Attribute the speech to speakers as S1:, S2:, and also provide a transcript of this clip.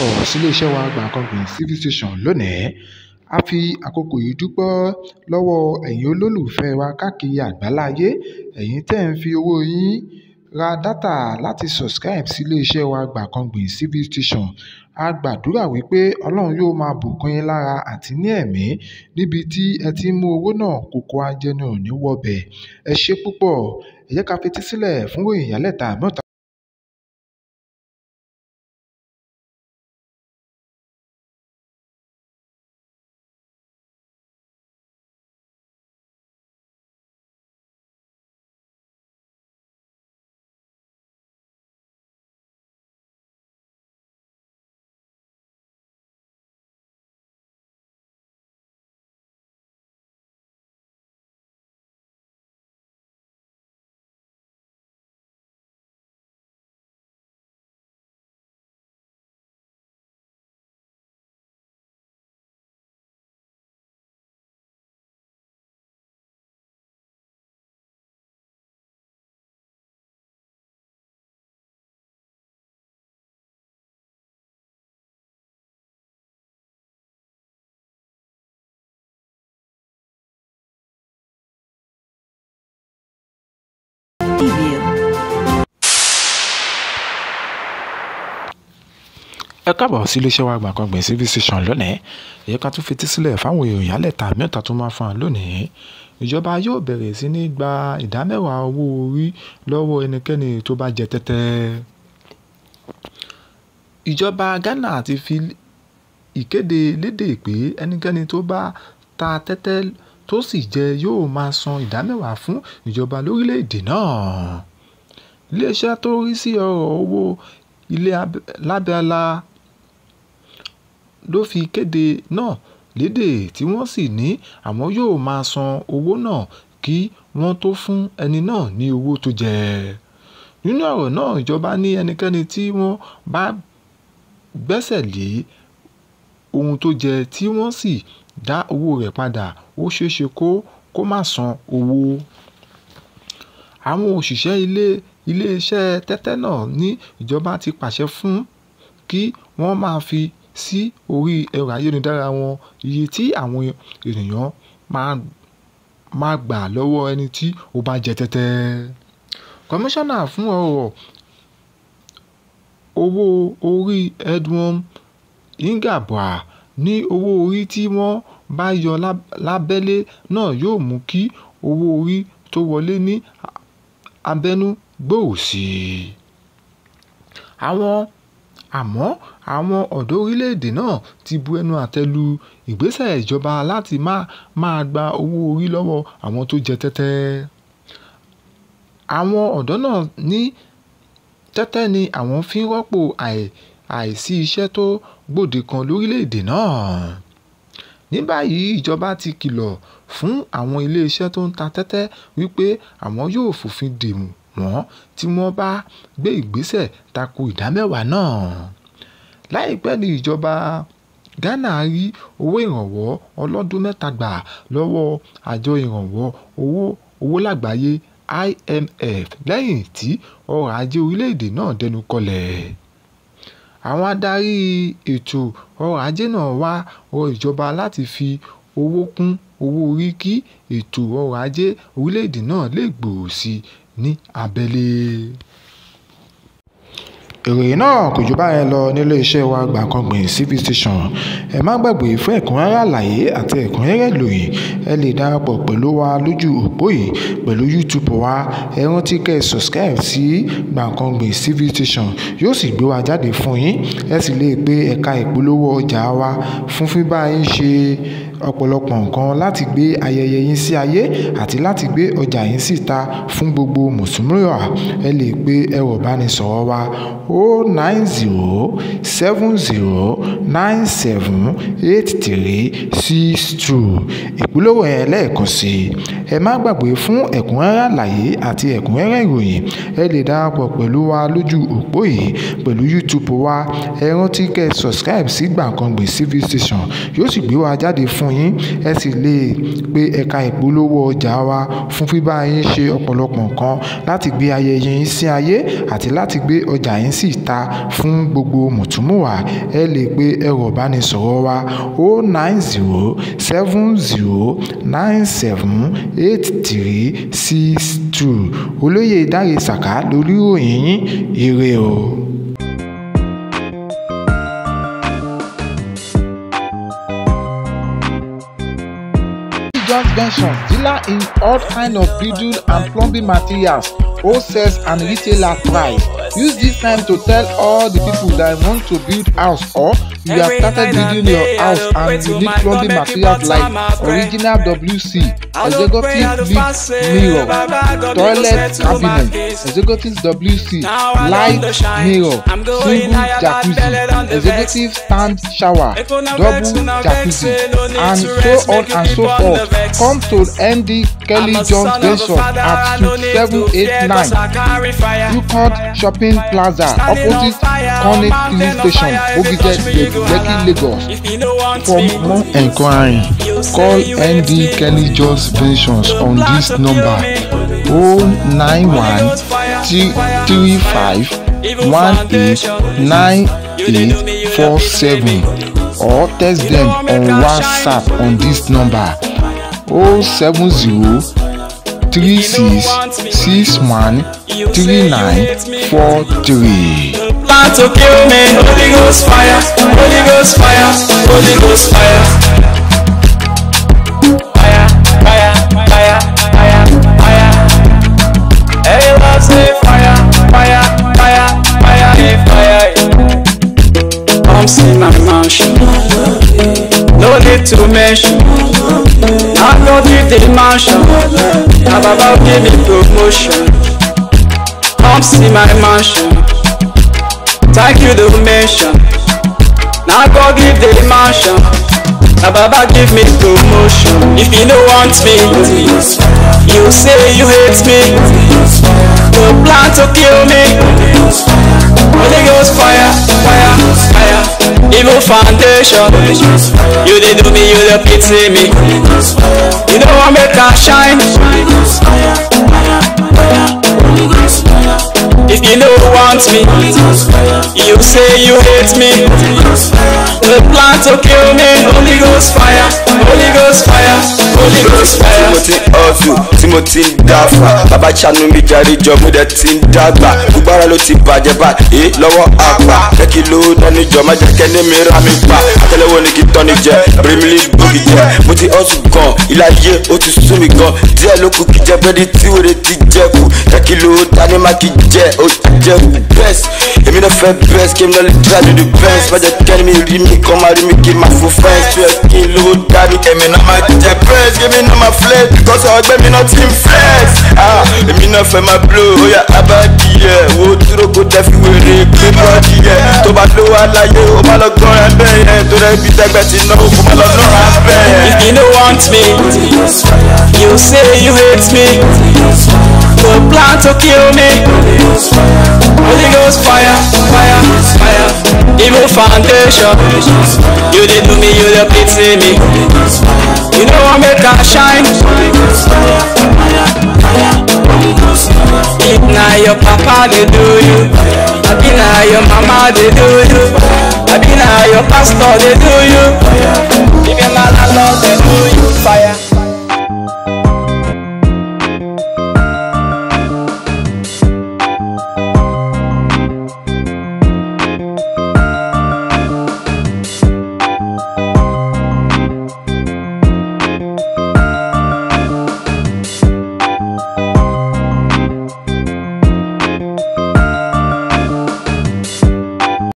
S1: káàbọ̀ sílé iṣẹ́ wa Gbankanbi civil station lónìí a fi àkókò yìí dúpọ́ lọ́wọ́ ẹ̀yin olólùfẹ́ wa káàkiri àgbáláyé ẹ̀yin tẹ́ ń fi owó yín ra dátà láti subscribe sílé iṣẹ́ wa Gbankanbi civil station a gbàdúrà wípé ọlọ́run yóò máa bùkún yín lára àti ní ẹ̀mí níbi tí ẹ ti ń mú owó náà kókó ajẹnu ò ní wọbẹ̀ ẹ ṣé púpọ̀ ẹ jẹ́ ká fetí sílẹ̀ fún ìyálẹ̀ta mẹ́ta. ẹ kábọ̀ sí iléeṣẹ́ wa Gbankanbi sí station lónìí èyí kan tún fetí sílẹ̀ fáwọn èèyàn yálẹ̀ta mẹ́ta tó máa fún wa lónìí ìjọba yóò bẹ̀rẹ̀ sí ní gba ìdámẹ́wàá owó orí lọ́wọ́ ẹnikẹ́ni tó bá jẹ tẹ́tẹ́ ìjọba Ghana ti fi ìkéde léde pé ẹnikẹ́ni tó bá ta tẹ́tẹ́ tó sì jẹ yóò máa san ìdámẹ́wàá fún ìjọba lórílẹ̀‐èdè náà iléeṣẹ́ tó rí sí ọ̀rọ̀ owó ilé lábẹ́lá ló fi kéde náà lédè tí wọ́n sì ní àwọn yóò máa san owó náà kí wọ́n tó fún ẹni náà ní owó tó jẹ. Nínú ọ̀rọ̀ náà, ìjọba ní ẹnikẹ́ni tí wọ́n bá gbẹ́sẹ̀ lé ohun tó jẹ tí wọ́n sì dá owó rẹ̀ padà ó ṣeéṣe kó kó má san owó. Àwọn òṣìṣẹ́ ilé ilé-iṣẹ́ tẹ́tẹ́ náà ní ìjọba ti pàṣẹ fún kí wọ́n máa fi sí orí ẹ̀rọ ayélujára wọn. Iye tí àwọn ènìyàn máa, máa gbà lọ́wọ́ ẹni tí ó bá jẹ tẹ́tẹ́. Kọmíṣọ́nà fún ọ̀rọ̀ owó orí Edwọm Engelbauer ní owó orí tí wọ́n bá yọ lábẹ́lé náà yóò mú kí owó orí tó wọlé ní abẹ́nú gbòòrò sí i. Àwọn Àmọ́ àwọn ọ̀dọ́ orílẹ̀-èdè náà ti bu ẹnu àtẹ́ lu ìgbésẹ̀ ìjọba láti máa gba owó orí lọ́wọ́ àwọn tó jẹ tẹ́tẹ́. Àwọn ọ̀dọ́ náà ní tẹ́tẹ́ ni àwọn fi ń rọ́pò àìsí iṣẹ́ tó gbòdekan lórílẹ̀-èdè náà. Ní báyìí ìjọba ti kìlọ̀ fún àwọn ilé iṣẹ́ tó ń ta tẹ́tẹ́ wí pé àwọn yóò fòfin dè wọ́n wọ́n tí wọ́n bá gbé ìgbésẹ̀ tako ìdámẹ́wàá náà. Láìpẹ́ ní ìjọba Ghana rí owó ìrànwọ́ ọlọ́dún mẹ́ta gbà lọ́wọ́ Àjọ Ìrànwọ́ Owó Lágbàáyé (IMF) lẹ́yìn tí ọrọ̀ ajé orílẹ̀-èdè náà dẹnu kọlẹ̀. Àwọn adarí ètò ọrọ̀ ajé náà wá rọ ìjọba láti fi owó kún owó orí kí ètò ọrọ̀ ajé orílẹ̀-èdè náà lè gbòòrò sí i ní abẹ́lé. ìròyìn náà kò jù báyẹn lọ nílé iṣẹ́ wa Gbankanbi cv station ẹ má gbàgbé fún ẹ̀kúnrẹ́rẹ́ àlàyé àti ẹ̀kúnrẹ́rẹ́ ìròyìn ẹ lè darapọ̀ pẹ̀lú wa lójú òpó yìí pẹ̀lú YouTube wa ẹ rántí kẹ́ ẹ subscribe sí Gbankanbi cv station yóò sì gbé wa jáde fún yín ẹ sì lè pe ẹ̀ka ìpolówó ọjà wa fún fífá yín ṣe ọ̀pọ̀lọpọ̀ nǹkan láti gbé ayẹyẹ yín sí ayé àti láti gbé ọjà yín síta fún gbogbo mùsùlùmí wa ẹ lè pe ẹ̀rọ ìbánisọ̀rọ̀ wa o nine zero seven zero nine seven eight three six two ìpolówó yẹn lẹ́ẹ̀kan sí i ẹ má gbàgbé fún ẹ̀kúnrẹ́rẹ́ àlàyé àti ẹ̀kúnrẹ́rẹ́ ìròyìn ẹ lè darapọ̀ pẹ̀lú wa lójú òpó yìí pẹ̀lú YouTube wa ẹ rántí kẹ́ subscribe sí Gbankanbi civil station yóò sì gbé wa jáde fún fún yín ẹ sì lè pe ẹ̀ka ìpolówó ọjà wa fún bíbá yín ṣe ọ̀pọ̀lọpọ̀ nǹkan láti gbé ayẹyẹ yín sí ayé àti láti gbé ọjà yín sí ìta fún gbogbo mùtúmùwà ẹ lè pe ẹ̀rọ ìbánisọ̀rọ̀ wa o oh nine zero seven zero nine seven eight three six two olóyè Dáre Sàká lórí ìròyìn yín ire o. convention dealer in all kind of building and plumbing materials wholesale and retailer price use this time to tell all the people that want to build house or you have started building your house and you need plumbing materials like original wc executive lift eh, mirror toilet cabinet executive wc light mirror single jacuzzi executive stand shower double jacuzzi eh, and so on and so forth. Come to MD Kelly John Benson at 789 Newcourt Shopping Plaza opposite Cornet Police Station, Ogige, Lekki, Lagos. For more enquiry, call MD Kelly John Benson on this number 091 335 189847 or text them on WhatsApp on this number o oh seven zero three six six one three nine four three.
S2: to mention. about it in mansion. i Baba give me promotion. Come see my mansion. Thank you the mention. Now go give the mansion. Now Baba give me promotion. If you don't want me, you say you hate me. You plan to kill me. Evil foundation You did do me, you did pity me You know I make her shine If you don't want me You say you hate me The plan to kill oh, me, Holy Ghost fire, Holy Ghost fire, Holy Ghost fire. Timothy Ozu, Timothy Dafa, Bàbá Ṣàánú mi jàre jọ mú dẹ̀ ti ń dàgbà. Gbúgbára ló ti bàjẹ́ bá é eh, lọ́wọ́ àgbà. Jẹ́ kí ló dání jọ, má jẹ́ mi ra mi pa. Àtẹ́lẹwọ́ ni kì í tọ́ni jẹ, Bírímìlì gbòógì jẹ. Mo ti Ozu gan, o tu sumi ti sún mi gan. Díẹ̀ ló kù kí jẹ bẹ́ẹ̀ni ti jẹ kù. Jẹ́ kí ló dání má kì í jẹ, ó jẹ bẹ́ẹ̀sì. Èmi náà fẹ́ bẹ́ẹ̀sì, kí èmi náà lè dá lórí bẹ́ẹ̀sì. Má jẹ́ kẹ́ni mi rí Mickey, come out Mickey, my full friends To a king, load, me, no in on my DJ press Give me no my flex, because I gbé mi náà ti ń flex Ah, me náà fẹ́ máa blow, oh, about yà abadi yẹ Wo dúró kó tẹ fi wèrè gbé bọ́ọ̀dì yeah. Tó bá lówó aláyé, ó má lọ gbọ́n rẹ̀ bẹ́ẹ̀ yẹ Tó the bí tẹ́gbẹ́ ti náwó, kó má my lọ́ra no happen. If you oh, not oh, want me, you say you hate me Go plan to kill me, Holy Ghost fire, fire, fire even foundation You did do me, you did pity me You know I make I shine If now your papa they do you I be now your mama they do you I be now your pastor they do you Even my landlord they do you Fire